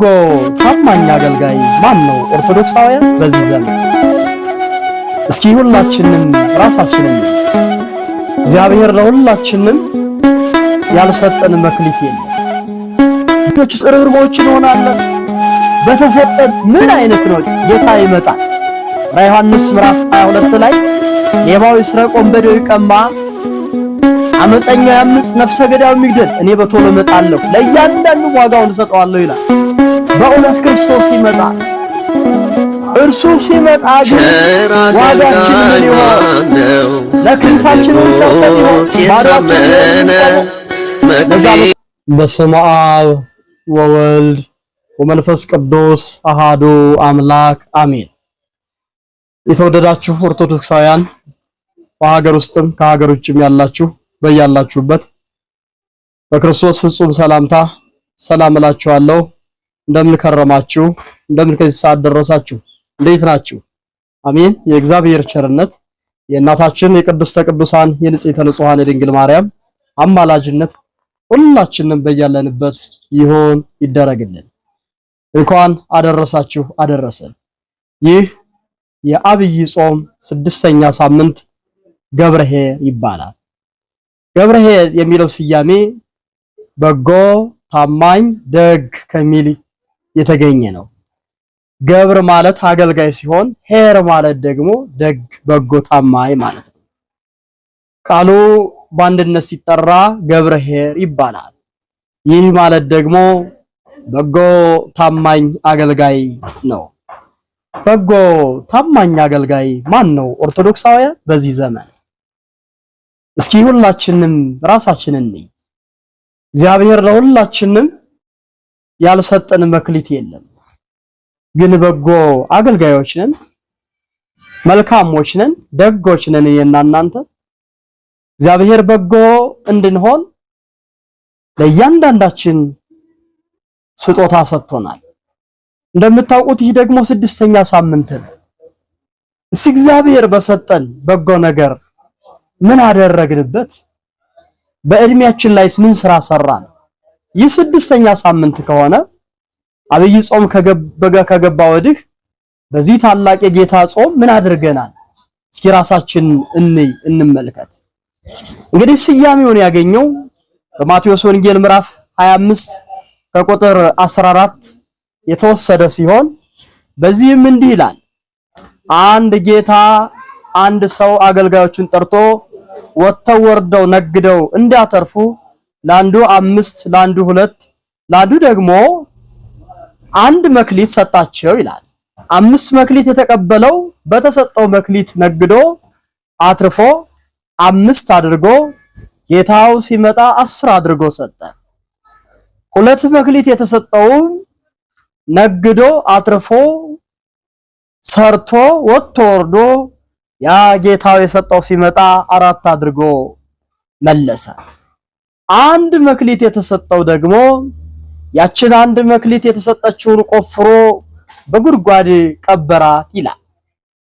በጎ ታማኝ አገልጋይ ማን ነው? ኦርቶዶክሳውያን በዚህ ዘመን እስኪ ሁላችንም ራሳችንን እግዚአብሔር ለሁላችንም ያልሰጠን መክሊት የለም። ልጆች ጽርርቦች እንሆናለን። በተሰጠን ምን አይነት ነው ጌታ ይመጣል። ዮሐንስ ምዕራፍ 22 ላይ ሌባው ይስረቅ፣ ወንበዴው ይቀማ፣ አመፀኛው ያምፅ፣ ነፍሰ ገዳዩ ይግደል፣ እኔ በቶሎ እመጣለሁ፣ ለእያንዳንዱ ዋጋውን እሰጠዋለሁ ይላል። በእውነት ክርስቶስ ይመጣ እርሱ ሲመጣ ግን ዋጋችን ምን ይሆን? ለክንፋችንን ሰጥተን በስመ አብ ወወልድ ወመንፈስ ቅዱስ አሃዱ አምላክ አሜን። የተወደዳችሁ ኦርቶዶክሳውያን በሀገር ውስጥም ከሀገር ውጭም ያላችሁ በያላችሁበት በክርስቶስ ፍጹም ሰላምታ ሰላም እላችኋለሁ። እንደምን እንደምን ከዚህ ሰዓት ደረሳችሁ? እንዴት ናችሁ? አሜን። የእግዚአብሔር ቸርነት የእናታችን የቅድስተ ቅዱሳን የንጽሕተ ንጹሐን የድንግል ማርያም አማላጅነት ሁላችንም በያለንበት ይሆን ይደረግልን። እንኳን አደረሳችሁ አደረሰን። ይህ የአብይ ጾም ስድስተኛ ሳምንት ገብረሄ ይባላል። ገብርኄር የሚለው ስያሜ በጎ፣ ታማኝ፣ ደግ ከሚል የተገኘ ነው። ገብር ማለት አገልጋይ ሲሆን ሄር ማለት ደግሞ ደግ፣ በጎ፣ ታማኝ ማለት ነው። ቃሉ በአንድነት ሲጠራ ገብረ ሄር ይባላል። ይህ ማለት ደግሞ በጎ ታማኝ አገልጋይ ነው። በጎ ታማኝ አገልጋይ ማን ነው? ኦርቶዶክሳውያን በዚህ ዘመን እስኪ ሁላችንም ራሳችንን እንይ። እግዚአብሔር ለሁላችንም ያልሰጠን መክሊት የለም። ግን በጎ አገልጋዮች ነን፣ መልካሞች ነን፣ ደጎች ነን። እኔና እናንተ እግዚአብሔር በጎ እንድንሆን ለእያንዳንዳችን ስጦታ ሰጥቶናል። እንደምታውቁት ይህ ደግሞ ስድስተኛ ሳምንት ነው። እስቲ እግዚአብሔር በሰጠን በጎ ነገር ምን አደረግንበት? በእድሜያችን ላይስ ምን ስራ ሰራን? ይህ ስድስተኛ ሳምንት ከሆነ አብይ ጾም ከገባ ወዲህ በዚህ ታላቅ የጌታ ጾም ምን አድርገናል? እስኪ ራሳችን እንይ እንመልከት። እንግዲህ ስያሜውን ያገኘው በማቴዎስ ወንጌል ምዕራፍ 25 ከቁጥር 14 የተወሰደ ሲሆን በዚህም እንዲህ ይላል፣ አንድ ጌታ አንድ ሰው አገልጋዮቹን ጠርቶ ወጥተው ወርደው ነግደው እንዲያተርፉ ለአንዱ አምስት ለአንዱ ሁለት ለአንዱ ደግሞ አንድ መክሊት ሰጣቸው ይላል። አምስት መክሊት የተቀበለው በተሰጠው መክሊት ነግዶ አትርፎ አምስት አድርጎ ጌታው ሲመጣ አስር አድርጎ ሰጠ። ሁለት መክሊት የተሰጠውም ነግዶ አትርፎ ሰርቶ ወጥቶ ወርዶ ያ ጌታው የሰጠው ሲመጣ አራት አድርጎ መለሰ። አንድ መክሊት የተሰጠው ደግሞ ያችን አንድ መክሊት የተሰጠችውን ቆፍሮ በጉድጓድ ቀበራት ይላል።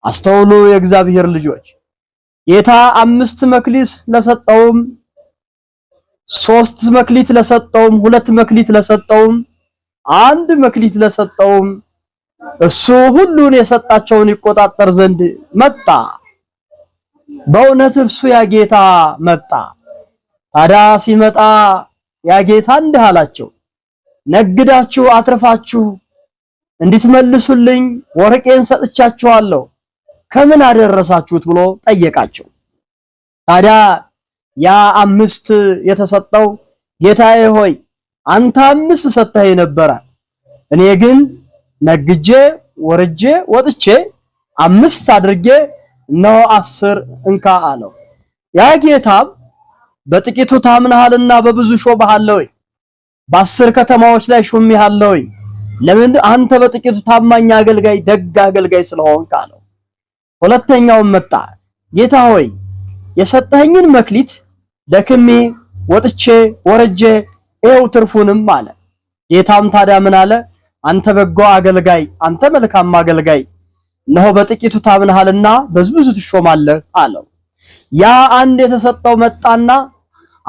አስተውሉ የእግዚአብሔር ልጆች። ጌታ አምስት መክሊት ለሰጠውም ሶስት መክሊት ለሰጠውም ሁለት መክሊት ለሰጠውም አንድ መክሊት ለሰጠውም እሱ ሁሉን የሰጣቸውን ይቆጣጠር ዘንድ መጣ። በእውነት እርሱ ያ ጌታ መጣ። ታዲያ ሲመጣ ያ ጌታ እንዲህ አላቸው፣ ነግዳችሁ አትርፋችሁ እንድትመልሱልኝ ወርቄን ሰጥቻችኋለሁ ከምን አደረሳችሁት ብሎ ጠየቃቸው። ታዲያ ያ አምስት የተሰጠው ጌታዬ ሆይ አንተ አምስት ሰጥተኸኝ ነበረ፣ እኔ ግን ነግጄ ወርጄ ወጥቼ አምስት አድርጌ እነሆ አስር እንካ አለው ያ ጌታም በጥቂቱ ታምናሃልና በብዙ ሾመሃለሁ። በአስር ከተማዎች ላይ ሾሜሃለሁ። ለምን አንተ በጥቂቱ ታማኝ አገልጋይ፣ ደግ አገልጋይ ስለሆንክ አለው። ሁለተኛውም መጣ። ጌታ ሆይ የሰጠኸኝን መክሊት ደክሜ ወጥቼ ወረጄ ይኸው ትርፉንም አለ። ጌታም ታዲያ ምን አለ? አንተ በጎ አገልጋይ፣ አንተ መልካም አገልጋይ፣ እነሆ በጥቂቱ ታምናሃልና በብዙ ትሾማለህ አለው። ያ አንድ የተሰጠው መጣና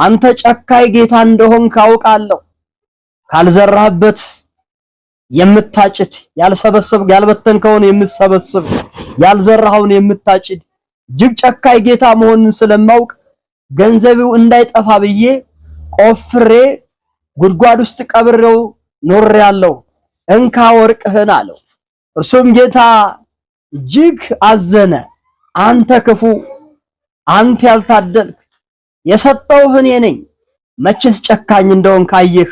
አንተ ጨካይ ጌታ እንደሆንክ አውቃለሁ። ካልዘራህበት የምታጭድ ያልሰበሰብ ያልበተንከውን የምትሰበስብ ያልዘራኸውን የምታጭድ እጅግ ጨካይ ጌታ መሆንን ስለማውቅ ገንዘቤው እንዳይጠፋ ብዬ ቆፍሬ ጉድጓድ ውስጥ ቀብሬው ኖሬያለሁ። እንካ ወርቅህን አለው። እርሱም ጌታ እጅግ አዘነ። አንተ ክፉ፣ አንተ ያልታደልክ የሰጠውህ እኔ ነኝ። መቼስ ጨካኝ እንደሆን ካየህ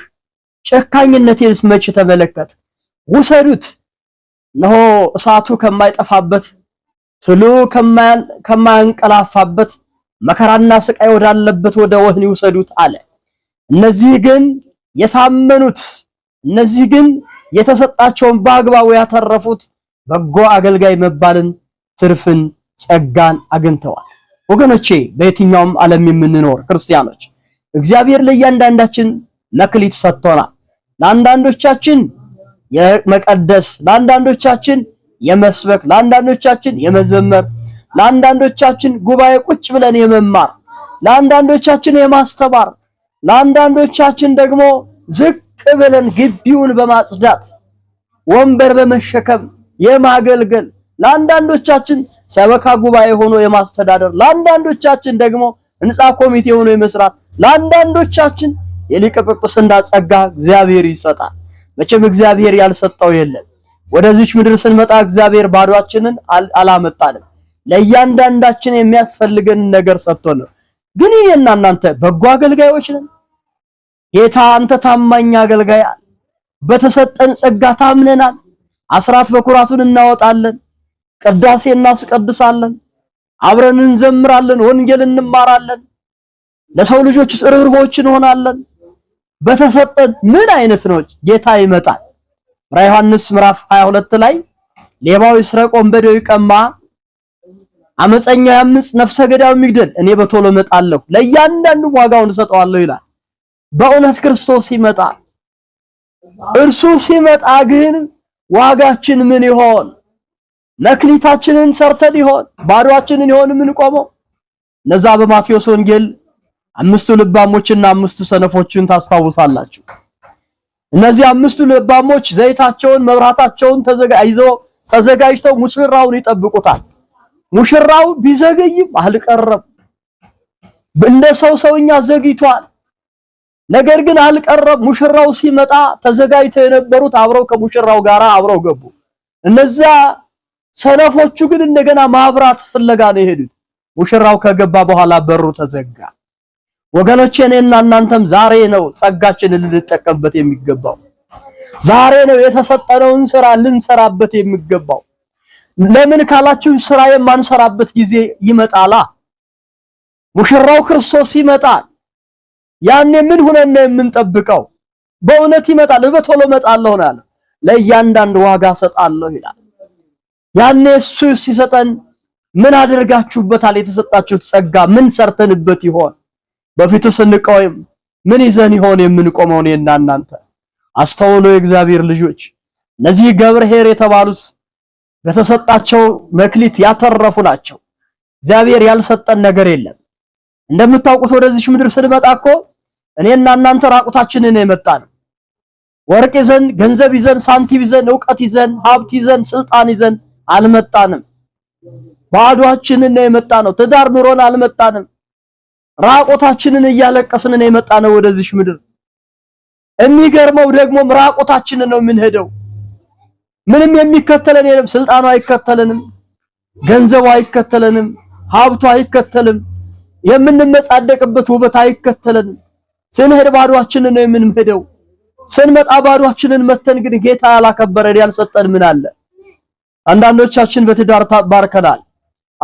ጨካኝነቴንስ መቼ ተመለከት። ውሰዱት፣ እነሆ እሳቱ ከማይጠፋበት ትሉ ከማያንቀላፋበት መከራና ስቃይ ወዳለበት ወደ ወህኒ ውሰዱት አለ። እነዚህ ግን የታመኑት እነዚህ ግን የተሰጣቸውን በአግባቡ ያተረፉት በጎ አገልጋይ መባልን፣ ትርፍን፣ ጸጋን አግኝተዋል። ወገኖቼ በየትኛውም ዓለም የምንኖር ክርስቲያኖች እግዚአብሔር ለእያንዳንዳችን መክሊት ሰጥቶናል። ለአንዳንዶቻችን የመቀደስ፣ ለአንዳንዶቻችን የመስበክ፣ ለአንዳንዶቻችን የመዘመር፣ ለአንዳንዶቻችን ጉባኤ ቁጭ ብለን የመማር፣ ለአንዳንዶቻችን የማስተማር፣ ለአንዳንዶቻችን ደግሞ ዝቅ ብለን ግቢውን በማጽዳት ወንበር በመሸከም የማገልገል ለአንዳንዶቻችን ሰበካ ጉባኤ ሆኖ የማስተዳደር ለአንዳንዶቻችን ደግሞ ህንፃ ኮሚቴ ሆኖ የመስራት ለአንዳንዶቻችን የሊቀ ጵጵስና ጸጋ እግዚአብሔር ይሰጣል። መቼም እግዚአብሔር ያልሰጠው የለም። ወደዚች ምድር ስንመጣ እግዚአብሔር ባዷችንን አላመጣንም። ለእያንዳንዳችን የሚያስፈልገን ነገር ሰጥቶ ነው። ግን ይሄና እናንተ በጎ አገልጋዮች ነን። ጌታ አንተ ታማኝ አገልጋይ፣ በተሰጠን ጸጋ ታምነናል። አስራት በኩራቱን እናወጣለን ቅዳሴ እናስቀድሳለን፣ አብረን እንዘምራለን፣ ወንጌል እንማራለን፣ ለሰው ልጆች ርህሩሆች እንሆናለን። በተሰጠን ምን አይነት ነው? ጌታ ይመጣል። ራ ዮሐንስ ምዕራፍ 22 ላይ ሌባው ይስረቅ፣ ወንበዴው ይቀማ፣ አመፀኛ ያምፅ፣ ነፍሰ ገዳው ምግደል እኔ በቶሎ እመጣለሁ፣ ለእያንዳንዱ ዋጋውን እሰጠዋለሁ ይላል። በእውነት ክርስቶስ ይመጣል። እርሱ ሲመጣ ግን ዋጋችን ምን ይሆን? ለክሊታችንን ሰርተን ይሆን ባዶአችንን ይሆን የምንቆመው? እነዛ በማቴዎስ ወንጌል አምስቱ ልባሞችና አምስቱ ሰነፎችን ታስታውሳላችሁ። እነዚህ አምስቱ ልባሞች ዘይታቸውን መብራታቸውን ተዘጋጅተው ተዘጋጅተው ሙሽራውን ይጠብቁታል። ሙሽራው ቢዘገይም አልቀረም። እንደ ሰው ሰውኛ ዘግይቷል። ነገር ግን አልቀረም። ሙሽራው ሲመጣ ተዘጋጅተው የነበሩት አብረው ከሙሽራው ጋር አብረው ገቡ። እነዚያ ሰነፎቹ ግን እንደገና ማብራት ፍለጋ ነው የሄዱት። ሙሽራው ከገባ በኋላ በሩ ተዘጋ። ወገኖቼ እኔና እናንተም ዛሬ ነው ጸጋችንን ልንጠቀምበት የሚገባው። ዛሬ ነው የተሰጠነውን ስራ ልንሰራበት የሚገባው። ለምን ካላችሁን ስራ የማንሰራበት ጊዜ ይመጣላ። ሙሽራው ክርስቶስ ይመጣል። ያኔ ምን ሆነን ነው የምንጠብቀው? በእውነት ይመጣል። በቶሎ እመጣለሁ አለ። ለእያንዳንድ ዋጋ ሰጣለሁ ይላል። ያኔ እሱ ሲሰጠን ምን አድርጋችሁበታል? የተሰጣችሁት ጸጋ ምን ሰርተንበት ይሆን? በፊቱ ስንቆም ምን ይዘን ይሆን የምንቆመው? እኔና እናንተ አስተውሎ የእግዚአብሔር ልጆች እነዚህ ገብርኄር የተባሉት በተሰጣቸው መክሊት ያተረፉ ናቸው። እግዚአብሔር ያልሰጠን ነገር የለም። እንደምታውቁት ወደዚች ምድር ስንመጣ እኮ እኔና እናንተ ራቁታችንን የመጣን ወርቅ ይዘን፣ ገንዘብ ይዘን፣ ሳንቲም ይዘን፣ እውቀት ይዘን፣ ሀብት ይዘን፣ ስልጣን ይዘን አልመጣንም። ባዷችንን ነው የመጣ ነው። ትዳር ኑሮን አልመጣንም። ራቆታችንን እያለቀስን ነው የመጣ ነው ወደዚሽ ምድር። የሚገርመው ደግሞ ራቆታችንን ነው የምንሄደው። ምንም የሚከተለን የለም። ስልጣኑ አይከተለንም፣ ገንዘቡ አይከተለንም፣ ሀብቱ አይከተልም፣ የምንመጻደቅበት ውበት አይከተለንም። ስንሄድ ባዷችንን ነው የምንሄደው። ስንመጣ ባዷችንን መተን ግን ጌታ ያላከበረን ያልሰጠን ምን አለ? አንዳንዶቻችን በትዳር ተባርከናል።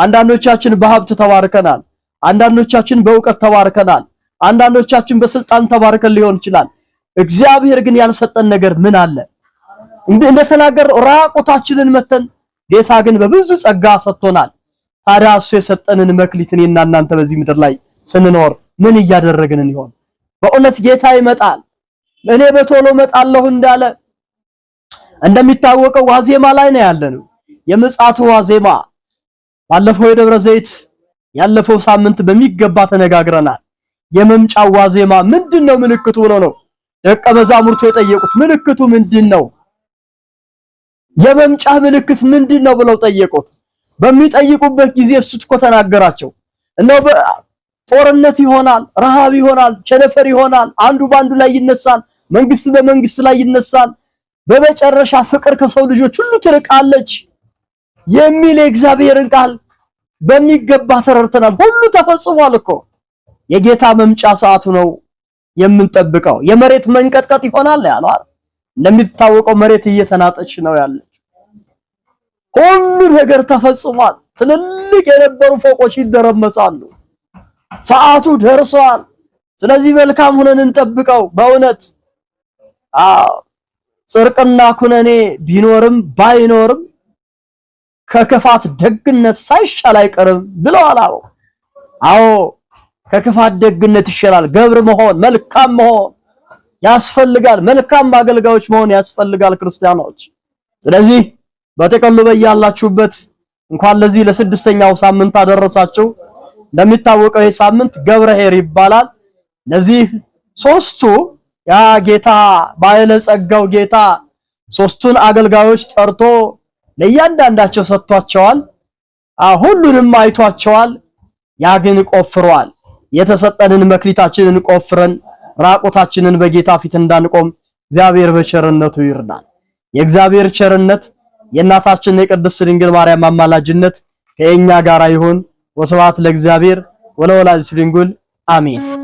አንዳንዶቻችን በሀብት ተባርከናል። አንዳንዶቻችን በእውቀት ተባርከናል። አንዳንዶቻችን በስልጣን ተባርከን ሊሆን ይችላል። እግዚአብሔር ግን ያልሰጠን ነገር ምን አለ? እንደተናገር ራቁታችንን መተን፣ ጌታ ግን በብዙ ጸጋ ሰጥቶናል። ታዲያ እሱ የሰጠንን መክሊት እኔና እናንተ በዚህ ምድር ላይ ስንኖር ምን እያደረግንን ይሆን? በእውነት ጌታ ይመጣል እኔ በቶሎ መጣለሁ እንዳለ እንደሚታወቀው ዋዜማ ላይ ነው ያለነው። የምጽአቱ ዋዜማ ባለፈው የደብረ ዘይት ያለፈው ሳምንት በሚገባ ተነጋግረናል። የመምጫው ዋዜማ ምንድነው? ምልክቱ ሆኖ ነው ደቀ መዛሙርቱ የጠየቁት። ምልክቱ ምንድነው? የመምጫ ምልክት ምንድነው ብለው ጠየቁት። በሚጠይቁበት ጊዜ እሱ እኮ ተናገራቸው። እነሆ ጦርነት ይሆናል፣ ረሃብ ይሆናል፣ ቸነፈር ይሆናል፣ አንዱ በአንዱ ላይ ይነሳል፣ መንግስት በመንግስት ላይ ይነሳል። በመጨረሻ ፍቅር ከሰው ልጆች ሁሉ ትርቃለች። የሚል የእግዚአብሔርን ቃል በሚገባ ተረድተናል። ሁሉ ተፈጽሟል እኮ የጌታ መምጫ ሰዓቱ ነው የምንጠብቀው። የመሬት መንቀጥቀጥ ይሆናል ያለው አይደል? እንደሚታወቀው መሬት እየተናጠች ነው ያለች። ሁሉ ነገር ተፈጽሟል። ትልልቅ የነበሩ ፎቆች ይደረመሳሉ። ሰዓቱ ደርሷል። ስለዚህ መልካም ሆነን እንጠብቀው። በእውነት አዎ ጽርቅና ኩነኔ ቢኖርም ባይኖርም ከክፋት ደግነት ሳይሻል አይቀርም ብለዋል። አዎ አዎ፣ ከክፋት ደግነት ይሻላል። ገብር መሆን መልካም መሆን ያስፈልጋል። መልካም አገልጋዮች መሆን ያስፈልጋል ክርስቲያኖች። ስለዚህ በጥቅሉ በያላችሁበት እንኳን ለዚህ ለስድስተኛው ሳምንት አደረሳችሁ። እንደሚታወቀው ይህ ሳምንት ገብረ ኄር ይባላል። ለዚህ ሶስቱ ያ ጌታ ባለጸጋው ጌታ ሶስቱን አገልጋዮች ጠርቶ ለእያንዳንዳቸው ሰጥቷቸዋል። ሁሉንም አይቷቸዋል። ያ ግን ቆፍሯል። የተሰጠንን መክሊታችንን ቆፍረን ራቆታችንን በጌታ ፊት እንዳንቆም እግዚአብሔር በቸርነቱ ይርዳል። የእግዚአብሔር ቸርነት የእናታችን የቅድስት ድንግል ማርያም አማላጅነት ከእኛ ጋር ይሁን። ወስብሐት ለእግዚአብሔር ወለወላዲቱ ድንግል አሜን።